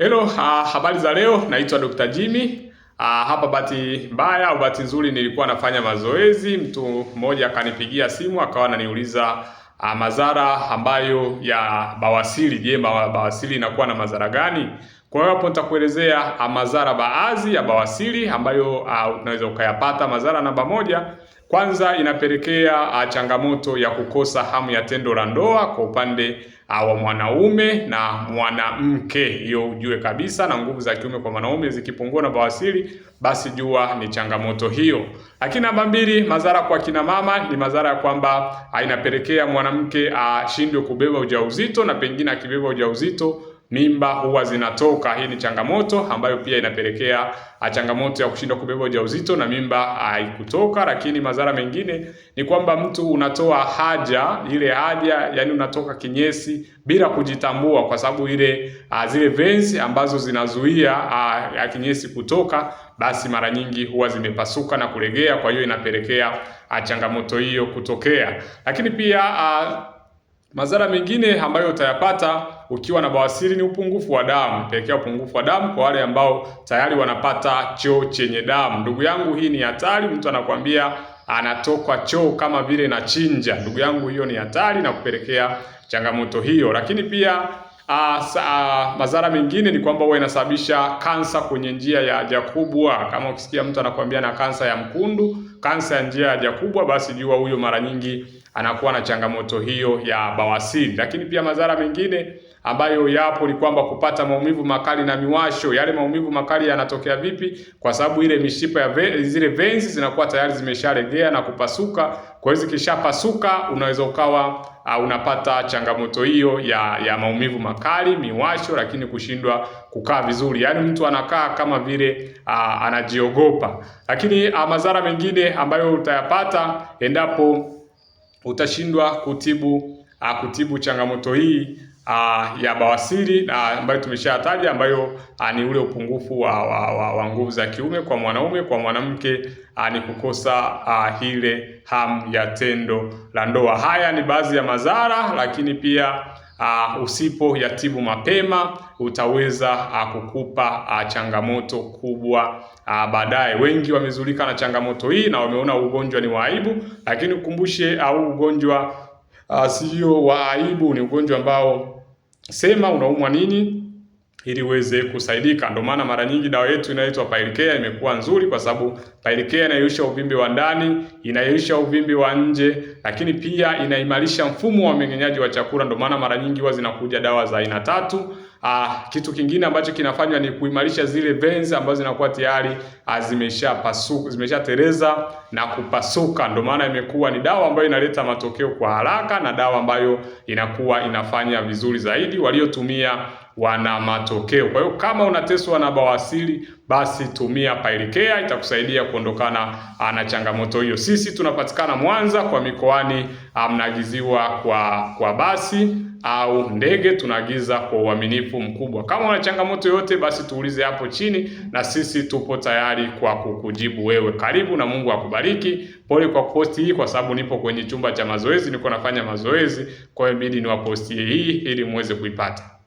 Hello, uh, habari za leo. Naitwa Dr. Jimmy. Uh, hapa bahati mbaya au bahati nzuri nilikuwa nafanya mazoezi, mtu mmoja akanipigia simu akawa ananiuliza uh, madhara ambayo ya bawasiri. Je, bawasiri inakuwa na madhara gani? Kwa hiyo hapo nitakuelezea madhara baadhi ya bawasiri ambayo uh, unaweza ukayapata. Madhara namba moja kwanza inapelekea ah, changamoto ya kukosa hamu ya tendo la ndoa kwa upande ah, wa mwanaume na mwanamke. Hiyo ujue kabisa, na nguvu za kiume kwa mwanaume zikipungua na bawasiri, basi jua ni changamoto hiyo. Lakini namba mbili, madhara kwa kina mama ni madhara ya kwamba ah, inapelekea mwanamke ashindwe kubeba ujauzito na pengine akibeba ujauzito mimba huwa zinatoka. Hii ni changamoto ambayo pia inapelekea ah, changamoto ya kushindwa kubeba ujauzito na mimba haikutoka. Lakini madhara mengine ni kwamba mtu unatoa haja ile haja, yani unatoka kinyesi bila kujitambua, kwa sababu ile ah, zile veins ambazo zinazuia ah, ya kinyesi kutoka basi mara nyingi huwa zimepasuka na kulegea, kwa hiyo inapelekea changamoto hiyo kutokea. Lakini pia a, madhara mengine ambayo utayapata ukiwa na bawasiri ni upungufu wa damu, pelekea upungufu wa damu kwa wale ambao tayari wanapata choo chenye damu. Ndugu yangu, hii ni hatari. Mtu anakwambia anatoka choo kama vile na chinja. Ndugu yangu, hiyo ni hatari na kupelekea changamoto hiyo, lakini pia ah, ah, madhara mengine ni kwamba huwa inasababisha kansa kwenye njia ya haja kubwa. Kama ukisikia mtu anakuambia na kansa ya mkundu, kansa ya njia ya haja kubwa, basi jua huyo mara nyingi anakuwa na changamoto hiyo ya bawasiri. Lakini pia madhara mengine ambayo yapo ni kwamba kupata maumivu makali na miwasho. Yale maumivu makali yanatokea vipi? Kwa sababu ile mishipa ya ve, zile veins zinakuwa tayari zimeshalegea na kupasuka. Kwa hiyo zikishapasuka, unaweza ukawa uh, unapata changamoto hiyo ya ya maumivu makali, miwasho, lakini kushindwa kukaa vizuri, yaani mtu anakaa kama vile uh, anajiogopa. Lakini uh, madhara mengine ambayo utayapata endapo utashindwa kutibu uh, kutibu changamoto hii uh, ya bawasiri na uh, ambayo tumeshataja ambayo uh, ni ule upungufu wa, wa, wa, wa nguvu za kiume kwa mwanaume. Kwa mwanamke uh, ni kukosa uh, ile hamu ya tendo la ndoa. Haya ni baadhi ya madhara, lakini pia Uh, usipo yatibu mapema utaweza uh, kukupa uh, changamoto kubwa uh, baadaye. Wengi wamezulika na changamoto hii na wameona ugonjwa ni waibu, lakini ukumbushe au uh, ugonjwa Ah, sio wa aibu, ni ugonjwa ambao sema unaumwa nini ili uweze kusaidika. Ndio maana mara nyingi dawa yetu inaitwa Pailikea imekuwa nzuri kwa sababu Pailikea inayeyusha uvimbe wa ndani, inayeyusha uvimbe wa nje, lakini pia inaimarisha mfumo wa mmeng'enyaji wa chakula. Ndio maana mara nyingi huwa zinakuja dawa za aina tatu. Ah, kitu kingine ambacho kinafanywa ni kuimarisha zile veins ambazo zinakuwa tayari zimeshapasuka, ah, zimeshatereza na kupasuka. Ndio maana imekuwa ni dawa ambayo inaleta matokeo kwa haraka na dawa ambayo inakuwa inafanya vizuri zaidi waliotumia wana matokeo. Kwa hiyo kama unateswa na bawasiri, basi tumia Pailikea, itakusaidia kuondokana ah, na changamoto hiyo. Sisi tunapatikana Mwanza kwa mikoani, ah, mnaagiziwa kwa kwa basi au ndege, tunaagiza kwa uaminifu mkubwa. Kama una changamoto yoyote, basi tuulize hapo chini, na sisi tupo tayari kwa kukujibu wewe. Karibu na Mungu akubariki. Pole kwa posti hii, kwa sababu nipo kwenye chumba cha mazoezi, niko nafanya mazoezi, kwa hiyo bidi niwapostie hii ili muweze kuipata.